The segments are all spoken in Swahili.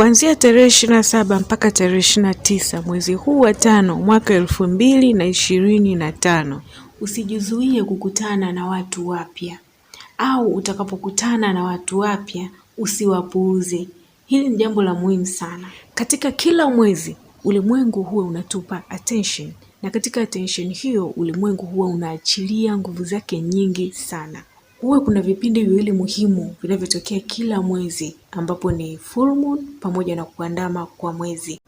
Kuanzia tarehe 27 mpaka tarehe 29 mwezi huu wa tano mwaka elfu mbili na ishirini na tano. Usijizuie kukutana na watu wapya, au utakapokutana na watu wapya usiwapuuze. Hili ni jambo la muhimu sana. Katika kila mwezi ulimwengu huwa unatupa attention, na katika attention hiyo ulimwengu huwa unaachilia nguvu zake nyingi sana huwa kuna vipindi viwili muhimu vinavyotokea kila mwezi ambapo ni full moon pamoja na kuandama kwa mwezi.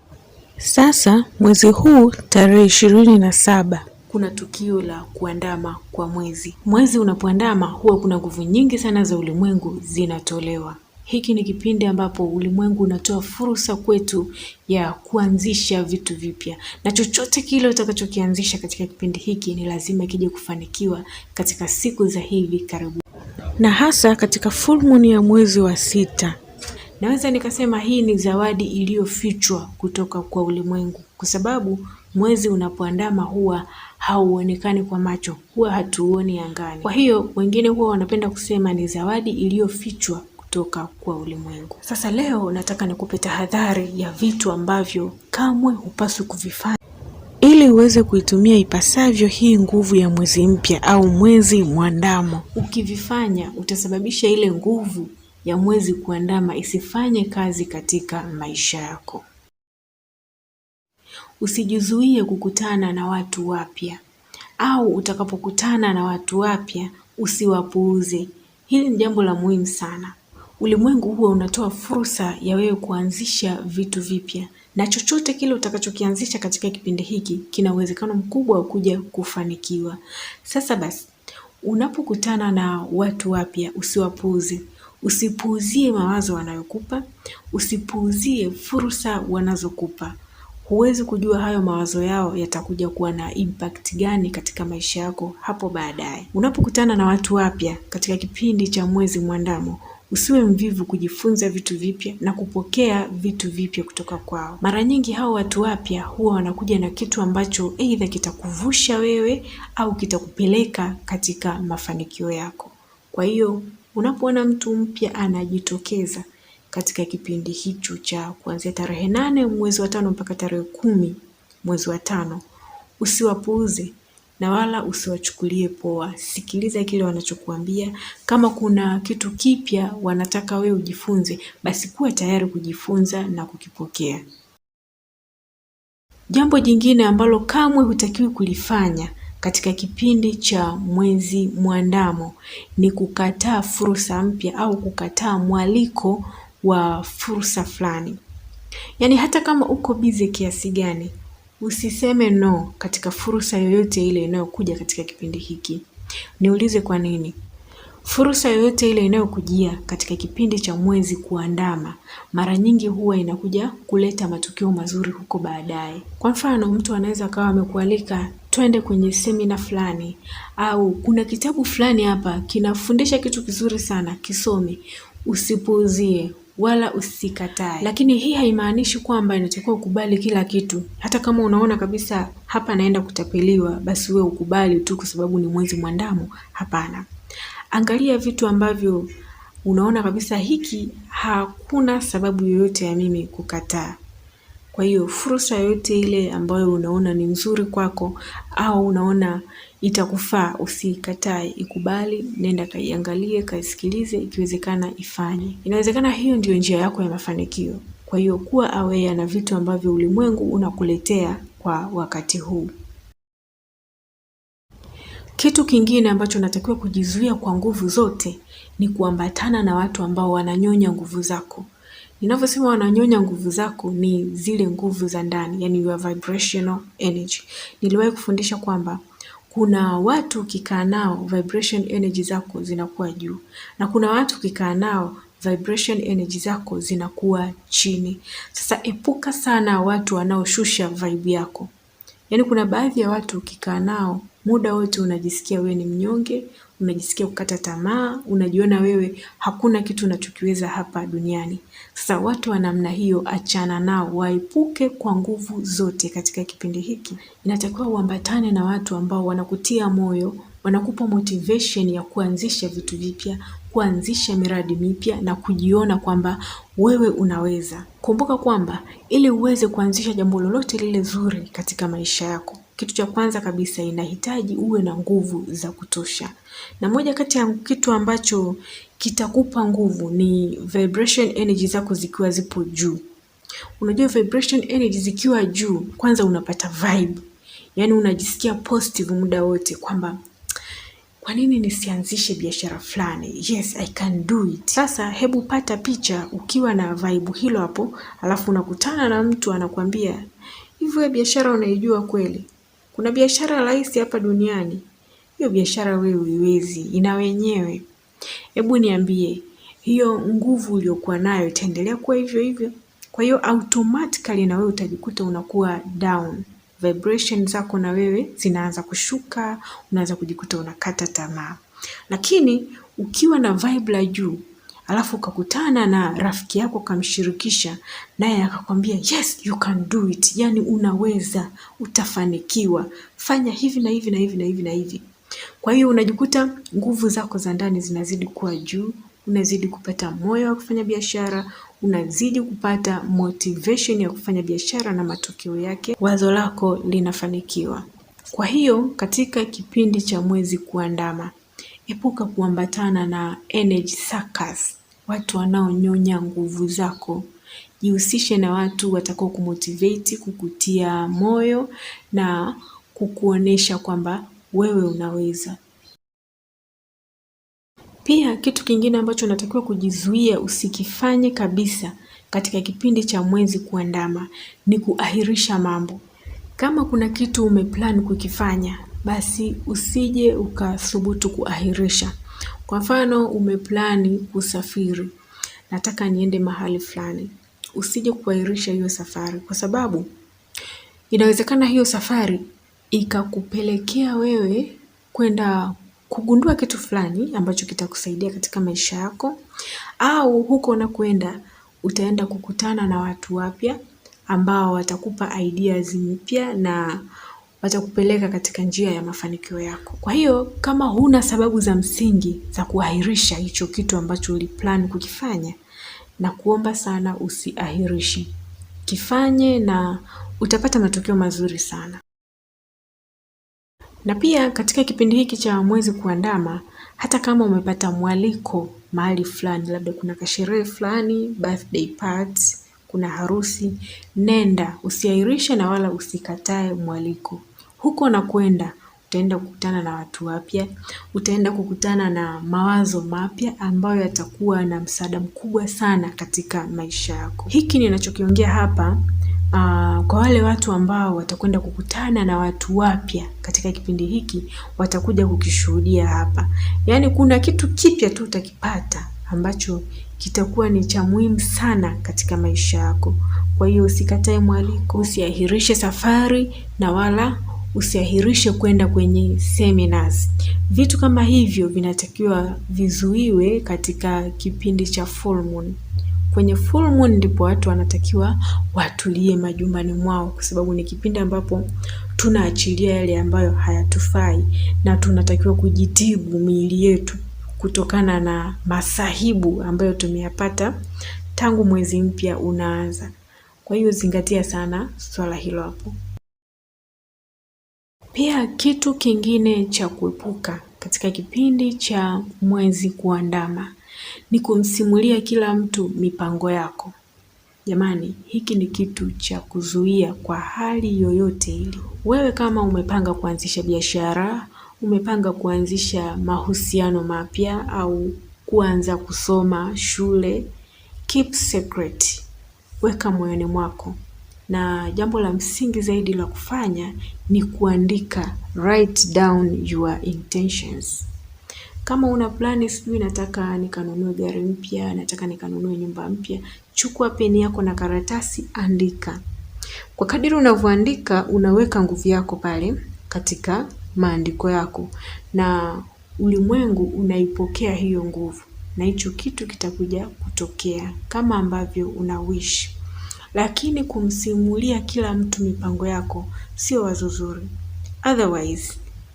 Sasa mwezi huu tarehe ishirini na saba kuna tukio la kuandama kwa mwezi. Mwezi unapoandama huwa kuna nguvu nyingi sana za ulimwengu zinatolewa. Hiki ni kipindi ambapo ulimwengu unatoa fursa kwetu ya kuanzisha vitu vipya, na chochote kile utakachokianzisha katika kipindi hiki ni lazima kije kufanikiwa katika siku za hivi karibuni na hasa katika full moon ya mwezi wa sita. Naweza nikasema hii ni zawadi iliyofichwa kutoka kwa ulimwengu, kwa sababu mwezi unapoandama huwa hauonekani kwa macho, huwa hatuoni angani. Kwa hiyo wengine huwa wanapenda kusema ni zawadi iliyofichwa kutoka kwa ulimwengu. Sasa leo nataka nikupe tahadhari ya vitu ambavyo kamwe hupaswi kuvifanya ili uweze kuitumia ipasavyo hii nguvu ya mwezi mpya au mwezi mwandamo. Ukivifanya utasababisha ile nguvu ya mwezi kuandama isifanye kazi katika maisha yako. Usijizuie kukutana na watu wapya, au utakapokutana na watu wapya usiwapuuze. Hili ni jambo la muhimu sana. Ulimwengu huwa unatoa fursa ya wewe kuanzisha vitu vipya, na chochote kile utakachokianzisha katika kipindi hiki kina uwezekano mkubwa wa kuja kufanikiwa. Sasa basi, unapokutana na watu wapya usiwapuuze. Usipuuzie mawazo wanayokupa, usipuuzie fursa wanazokupa. Huwezi kujua hayo mawazo yao yatakuja kuwa na impact gani katika maisha yako hapo baadaye. Unapokutana na watu wapya katika kipindi cha mwezi mwandamo Usiwe mvivu kujifunza vitu vipya na kupokea vitu vipya kutoka kwao. Mara nyingi hao watu wapya huwa wanakuja na kitu ambacho aidha kitakuvusha wewe au kitakupeleka katika mafanikio yako. Kwa hiyo unapoona mtu mpya anajitokeza katika kipindi hicho cha kuanzia tarehe nane mwezi wa tano mpaka tarehe kumi mwezi wa tano, usiwapuuze na wala usiwachukulie poa, sikiliza kile wanachokuambia. Kama kuna kitu kipya wanataka wewe ujifunze, basi kuwa tayari kujifunza na kukipokea. Jambo jingine ambalo kamwe hutakiwi kulifanya katika kipindi cha mwezi mwandamo ni kukataa fursa mpya au kukataa mwaliko wa fursa fulani. Yaani hata kama uko bize kiasi gani, Usiseme no katika fursa yoyote ile inayokuja katika kipindi hiki. Niulize kwa nini. Fursa yoyote ile inayokujia katika kipindi cha mwezi kuandama, mara nyingi huwa inakuja kuleta matukio mazuri huko baadaye. Kwa mfano, mtu anaweza akawa amekualika twende kwenye semina fulani, au kuna kitabu fulani hapa kinafundisha kitu kizuri sana, kisome. Usipuuzie, wala usikatae, lakini hii haimaanishi kwamba inatakiwa ukubali kila kitu. Hata kama unaona kabisa hapa naenda kutapeliwa, basi wewe ukubali tu kwa sababu ni mwezi mwandamo. Hapana, angalia vitu ambavyo unaona kabisa hiki hakuna sababu yoyote ya mimi kukataa. Kwa hiyo fursa yoyote ile ambayo unaona ni nzuri kwako au unaona itakufaa, usikatae, ikubali, nenda kaiangalie, kaisikilize, ikiwezekana ifanye. Inawezekana hiyo ndiyo njia yako ya mafanikio. Kwa hiyo kuwa awea na vitu ambavyo ulimwengu unakuletea kwa wakati huu. Kitu kingine ambacho unatakiwa kujizuia kwa nguvu zote ni kuambatana na watu ambao wananyonya nguvu zako. Ninavyosema wananyonya nguvu zako ni zile nguvu za ndani, yani your vibrational energy. Niliwahi kufundisha kwamba kuna watu ukikaa nao vibration energy zako zinakuwa juu, na kuna watu ukikaa nao vibration energy zako zinakuwa chini. Sasa epuka sana watu wanaoshusha vibe yako. Yaani kuna baadhi ya watu ukikaa nao muda wote unajisikia wewe ni mnyonge, unajisikia kukata tamaa, unajiona wewe hakuna kitu unachokiweza hapa duniani. Sasa watu wa namna hiyo achana nao, waepuke kwa nguvu zote. Katika kipindi hiki inatakiwa uambatane na watu ambao wanakutia moyo, wanakupa motivation ya kuanzisha vitu vipya, kuanzisha miradi mipya na kujiona kwamba wewe unaweza. Kumbuka kwamba ili uweze kuanzisha jambo lolote lile zuri katika maisha yako, kitu cha kwanza kabisa inahitaji uwe na nguvu za kutosha, na moja kati ya kitu ambacho kitakupa nguvu ni vibration energy zako zikiwa zipo juu. Unajua vibration energy zikiwa juu, kwanza unapata vibe, yaani unajisikia positive muda wote kwamba kwa nini nisianzishe biashara fulani? Yes, I can do it. Sasa hebu pata picha ukiwa na vibe hilo hapo, alafu unakutana na mtu anakuambia hivyo, biashara unaijua kweli? Kuna biashara rahisi hapa duniani? Hiyo biashara wewe uiwezi ina wenyewe. Hebu niambie, hiyo nguvu uliyokuwa nayo itaendelea kuwa hivyo hivyo? Kwa hiyo automatically na wewe utajikuta unakuwa down vibration zako na wewe zinaanza kushuka, unaanza kujikuta unakata tamaa. Lakini ukiwa na vibe la juu alafu ukakutana na rafiki yako ukamshirikisha, naye akakwambia yes you can do it, yani unaweza, utafanikiwa, fanya hivi na hivi na hivi na hivi na hivi. Kwa hiyo unajikuta nguvu zako za ndani zinazidi kuwa juu, unazidi kupata moyo wa kufanya biashara, unazidi kupata motivation ya kufanya biashara na matokeo yake wazo lako linafanikiwa. Kwa hiyo katika kipindi cha mwezi kuandama, epuka kuambatana na energy suckers, watu wanaonyonya nguvu zako. Jihusishe na watu watakao kumotivate, kukutia moyo na kukuonesha kwamba wewe unaweza. Pia kitu kingine ambacho unatakiwa kujizuia usikifanye kabisa katika kipindi cha mwezi kuandama ni kuahirisha mambo. Kama kuna kitu umeplan kukifanya, basi usije ukathubutu kuahirisha. Kwa mfano umeplani kusafiri, nataka niende mahali fulani, usije kuahirisha hiyo safari, kwa sababu inawezekana hiyo safari ikakupelekea wewe kwenda kugundua kitu fulani ambacho kitakusaidia katika maisha yako, au huko kwenda utaenda kukutana na watu wapya ambao watakupa ideas mpya na watakupeleka katika njia ya mafanikio yako. Kwa hiyo kama huna sababu za msingi za kuahirisha hicho kitu ambacho uliplan kukifanya, na kuomba sana usiahirishi kifanye na utapata matokeo mazuri sana. Na pia katika kipindi hiki cha mwezi kuandama, hata kama umepata mwaliko mahali fulani, labda kuna kasherehe fulani, birthday party, kuna harusi, nenda, usiahirishe na wala usikatae mwaliko. Huko nakwenda utaenda kukutana na watu wapya, utaenda kukutana na mawazo mapya ambayo yatakuwa na msaada mkubwa sana katika maisha yako. Hiki ninachokiongea hapa Uh, kwa wale watu ambao watakwenda kukutana na watu wapya katika kipindi hiki watakuja kukishuhudia hapa. Yaani kuna kitu kipya tu utakipata ambacho kitakuwa ni cha muhimu sana katika maisha yako. Kwa hiyo usikatae mwaliko, usiahirishe safari na wala usiahirishe kwenda kwenye seminars. Vitu kama hivyo vinatakiwa vizuiwe katika kipindi cha full moon. Kwenye full moon ndipo watu wanatakiwa watulie majumbani mwao, kwa sababu ni kipindi ambapo tunaachilia yale ambayo hayatufai na tunatakiwa kujitibu miili yetu kutokana na masahibu ambayo tumeyapata tangu mwezi mpya unaanza. Kwa hiyo zingatia sana swala hilo hapo. Pia kitu kingine cha kuepuka katika kipindi cha mwezi kuandama ni kumsimulia kila mtu mipango yako. Jamani, hiki ni kitu cha kuzuia kwa hali yoyote ile. Wewe kama umepanga kuanzisha biashara, umepanga kuanzisha mahusiano mapya au kuanza kusoma shule, keep secret, weka moyoni mwako. Na jambo la msingi zaidi la kufanya ni kuandika, write down your intentions. Kama una plani, sijui nataka nikanunue gari mpya, nataka nikanunue nyumba mpya, chukua peni yako na karatasi, andika. Kwa kadiri unavyoandika, unaweka nguvu yako pale katika maandiko yako, na ulimwengu unaipokea hiyo nguvu, na hicho kitu kitakuja kutokea kama ambavyo unawishi. Lakini kumsimulia kila mtu mipango yako sio wazo zuri, otherwise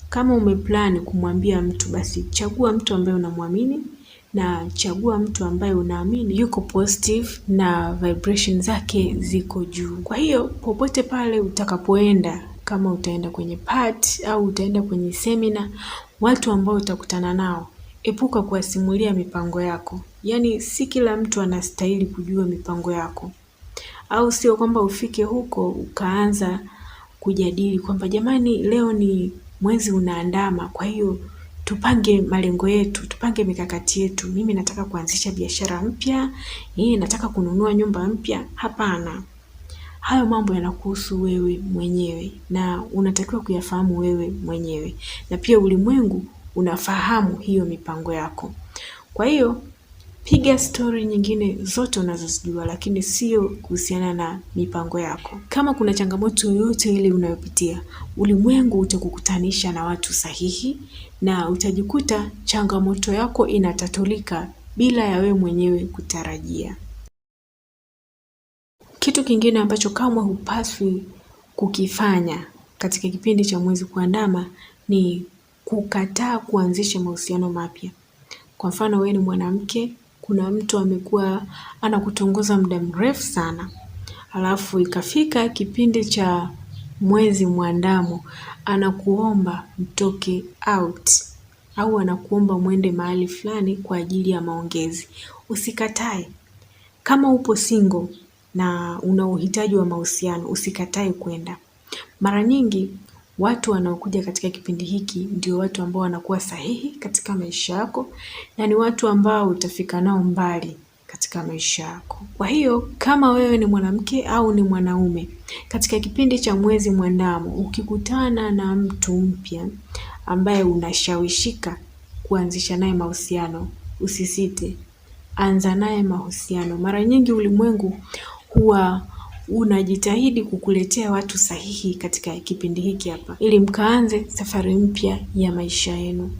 kama umeplani kumwambia mtu basi chagua mtu ambaye unamwamini na chagua mtu ambaye unaamini yuko positive na vibration zake ziko juu. Kwa hiyo popote pale utakapoenda, kama utaenda kwenye part au utaenda kwenye semina, watu ambao utakutana nao epuka kuwasimulia mipango yako. Yaani si kila mtu anastahili kujua mipango yako, au sio kwamba ufike huko ukaanza kujadili kwamba jamani, leo ni mwezi unaandama. Kwa hiyo tupange malengo yetu, tupange mikakati yetu. Mimi nataka kuanzisha biashara mpya, yeye nataka kununua nyumba mpya. Hapana, hayo mambo yanakuhusu wewe mwenyewe na unatakiwa kuyafahamu wewe mwenyewe, na pia ulimwengu unafahamu hiyo mipango yako. Kwa hiyo piga stori nyingine zote unazozijua, lakini sio kuhusiana na mipango yako. Kama kuna changamoto yoyote ile unayopitia, ulimwengu utakukutanisha na watu sahihi, na utajikuta changamoto yako inatatulika bila ya wewe mwenyewe kutarajia. Kitu kingine ambacho kamwe hupaswi kukifanya katika kipindi cha mwezi kuandama ni kukataa kuanzisha mahusiano mapya. Kwa mfano, wewe ni mwanamke kuna mtu amekuwa anakutongoza muda mrefu sana, alafu ikafika kipindi cha mwezi mwandamo, anakuomba mtoke out au anakuomba mwende mahali fulani kwa ajili ya maongezi, usikatae. Kama upo single na una uhitaji wa mahusiano, usikatae kwenda. Mara nyingi Watu wanaokuja katika kipindi hiki ndio watu ambao wanakuwa sahihi katika maisha yako na ni watu ambao utafika nao mbali katika maisha yako. Kwa hiyo kama wewe ni mwanamke au ni mwanaume, katika kipindi cha mwezi mwandamo, ukikutana na mtu mpya ambaye unashawishika kuanzisha naye mahusiano, usisite, anza naye mahusiano. Mara nyingi ulimwengu huwa unajitahidi kukuletea watu sahihi katika kipindi hiki hapa, ili mkaanze safari mpya ya maisha yenu.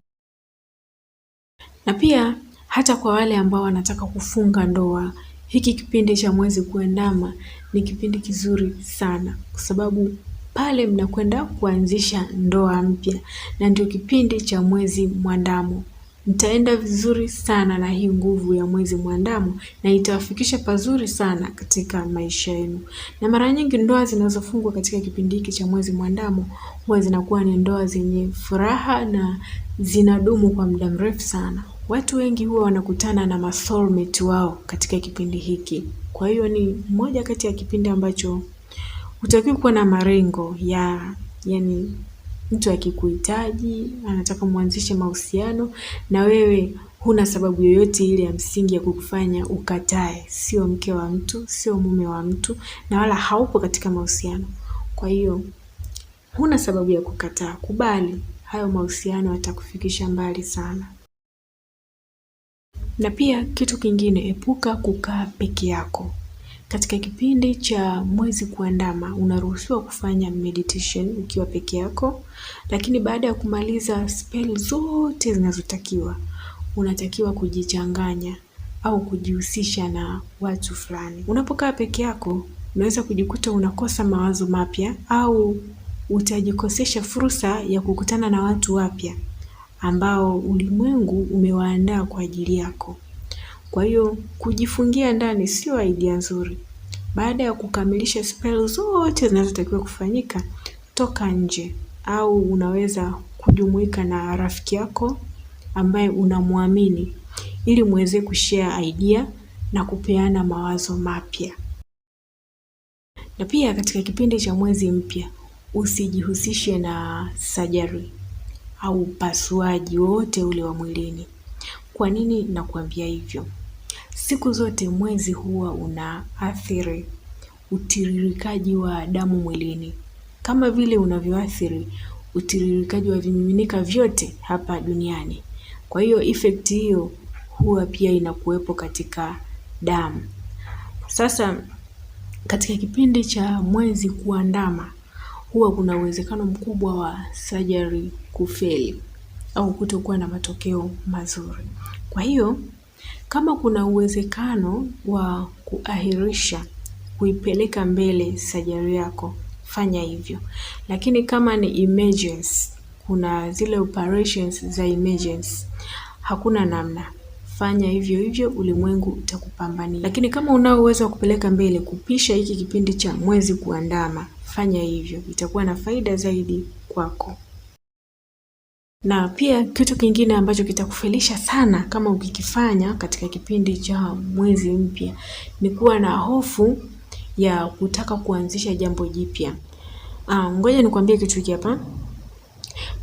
Na pia hata kwa wale ambao wanataka kufunga ndoa, hiki kipindi cha mwezi kuendama ni kipindi kizuri sana, kwa sababu pale mnakwenda kuanzisha ndoa mpya, na ndio kipindi cha mwezi mwandamo nitaenda vizuri sana na hii nguvu ya mwezi mwandamo na itawafikisha pazuri sana katika maisha yenu. Na mara nyingi ndoa zinazofungwa katika kipindi hiki cha mwezi mwandamo huwa zinakuwa ni ndoa zenye furaha na zinadumu kwa muda mrefu sana. Watu wengi huwa wanakutana na masoulmate wao katika kipindi hiki. Kwa hiyo ni moja kati ya kipindi ambacho hutakiwi kuwa na marengo ya yani mtu akikuhitaji anataka mwanzishe mahusiano na wewe huna sababu yoyote ile ya msingi ya kukufanya ukatae. Sio mke wa mtu, sio mume wa mtu, na wala haupo katika mahusiano. Kwa hiyo huna sababu ya kukataa, kubali. Hayo mahusiano yatakufikisha mbali sana. Na pia kitu kingine, epuka kukaa peke yako. Katika kipindi cha mwezi kuandama unaruhusiwa kufanya meditation ukiwa peke yako, lakini baada ya kumaliza spell zote zinazotakiwa unatakiwa kujichanganya au kujihusisha na watu fulani. Unapokaa peke yako unaweza kujikuta unakosa mawazo mapya au utajikosesha fursa ya kukutana na watu wapya ambao ulimwengu umewaandaa kwa ajili yako. Kwa hiyo kujifungia ndani sio idea nzuri. Baada ya kukamilisha spell zote zinazotakiwa kufanyika, toka nje au unaweza kujumuika na rafiki yako ambaye unamwamini ili muweze kushare idea na kupeana mawazo mapya. Na pia katika kipindi cha mwezi mpya usijihusishe na sajari au upasuaji wote ule wa mwilini. Kwa nini nakuambia hivyo? Siku zote mwezi huwa unaathiri utiririkaji wa damu mwilini kama vile unavyoathiri utiririkaji wa vimiminika vyote hapa duniani. Kwa hiyo effect hiyo huwa pia inakuwepo katika damu. Sasa katika kipindi cha mwezi kuandama, huwa kuna uwezekano mkubwa wa surgery kufeli au kutokuwa na matokeo mazuri. Kwa hiyo kama kuna uwezekano wa kuahirisha kuipeleka mbele sajari yako fanya hivyo, lakini kama ni emergency, kuna zile operations za emergency, hakuna namna, fanya hivyo hivyo, ulimwengu utakupambania. Lakini kama unao uwezo wa kupeleka mbele kupisha hiki kipindi cha mwezi kuandama, fanya hivyo, itakuwa na faida zaidi kwako na pia kitu kingine ambacho kitakufelisha sana kama ukikifanya katika kipindi cha mwezi mpya ni kuwa na hofu ya kutaka kuanzisha jambo jipya. Ah, ngoja nikwambie kitu hiki hapa.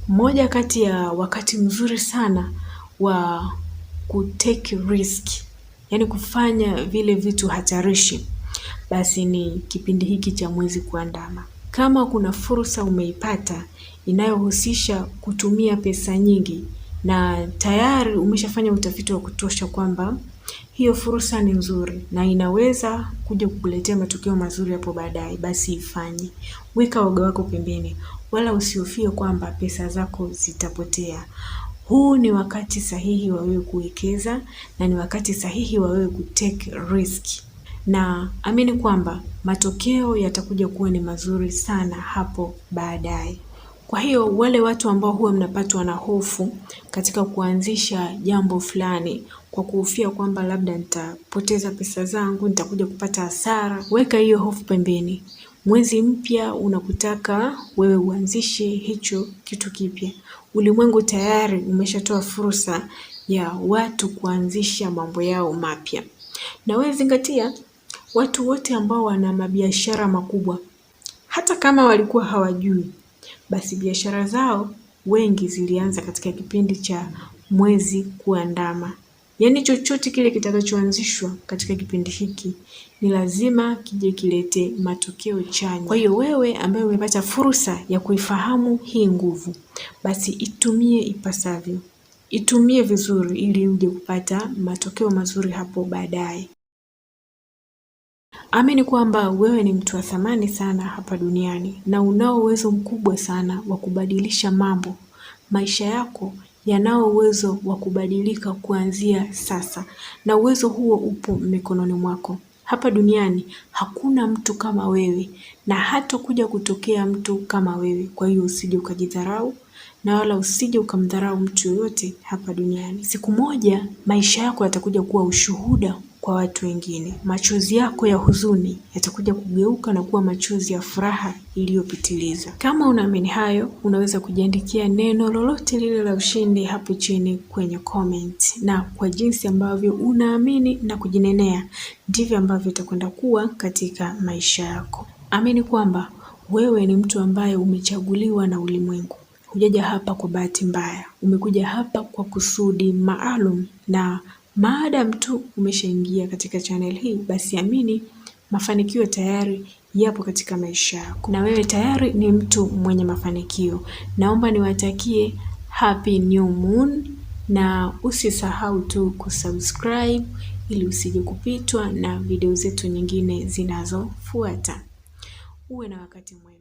Moja kati ya wakati mzuri sana wa kutake risk, yaani kufanya vile vitu hatarishi, basi ni kipindi hiki cha mwezi kuandama. Kama kuna fursa umeipata inayohusisha kutumia pesa nyingi na tayari umeshafanya utafiti wa kutosha kwamba hiyo fursa ni nzuri na inaweza kuja kukuletea matokeo mazuri hapo baadaye, basi ifanye. Weka woga wako pembeni, wala usihofie kwamba pesa zako zitapotea. Huu ni wakati sahihi wa wewe kuwekeza na ni wakati sahihi wa wewe kutake risk na amini kwamba matokeo yatakuja kuwa ni mazuri sana hapo baadaye. Kwa hiyo wale watu ambao huwa mnapatwa na hofu katika kuanzisha jambo fulani kwa kuhofia kwamba labda nitapoteza pesa zangu, nitakuja kupata hasara, weka hiyo hofu pembeni. Mwezi mpya unakutaka wewe uanzishe hicho kitu kipya. Ulimwengu tayari umeshatoa fursa ya watu kuanzisha mambo yao mapya, na wewe zingatia watu wote ambao wana mabiashara makubwa, hata kama walikuwa hawajui, basi biashara zao wengi zilianza katika kipindi cha mwezi kuandama. Yaani chochote kile kitakachoanzishwa katika kipindi hiki ni lazima kije kilete matokeo chanya. Kwa hiyo wewe ambaye umepata fursa ya kuifahamu hii nguvu, basi itumie ipasavyo, itumie vizuri ili uje kupata matokeo mazuri hapo baadaye. Amini kwamba wewe ni mtu wa thamani sana hapa duniani na unao uwezo mkubwa sana wa kubadilisha mambo. Maisha yako yanao uwezo wa kubadilika kuanzia sasa na uwezo huo upo mikononi mwako. Hapa duniani hakuna mtu kama wewe na hata kuja kutokea mtu kama wewe. Kwa hiyo usije ukajidharau na wala usije ukamdharau mtu yoyote hapa duniani. Siku moja maisha yako yatakuja kuwa ushuhuda kwa watu wengine. Machozi yako ya huzuni yatakuja kugeuka na kuwa machozi ya furaha iliyopitiliza. Kama unaamini hayo, unaweza kujiandikia neno lolote lile la ushindi hapo chini kwenye comment, na kwa jinsi ambavyo unaamini na kujinenea ndivyo ambavyo itakwenda kuwa katika maisha yako. Amini kwamba wewe ni mtu ambaye umechaguliwa na ulimwengu. Hujaja hapa kwa bahati mbaya, umekuja hapa kwa kusudi maalum na maadam tu umeshaingia katika channel hii, basi amini mafanikio tayari yapo katika maisha yako, na wewe tayari ni mtu mwenye mafanikio. Naomba niwatakie happy new moon, na usisahau tu kusubscribe ili usije kupitwa na video zetu nyingine zinazofuata. Uwe na wakati mwema.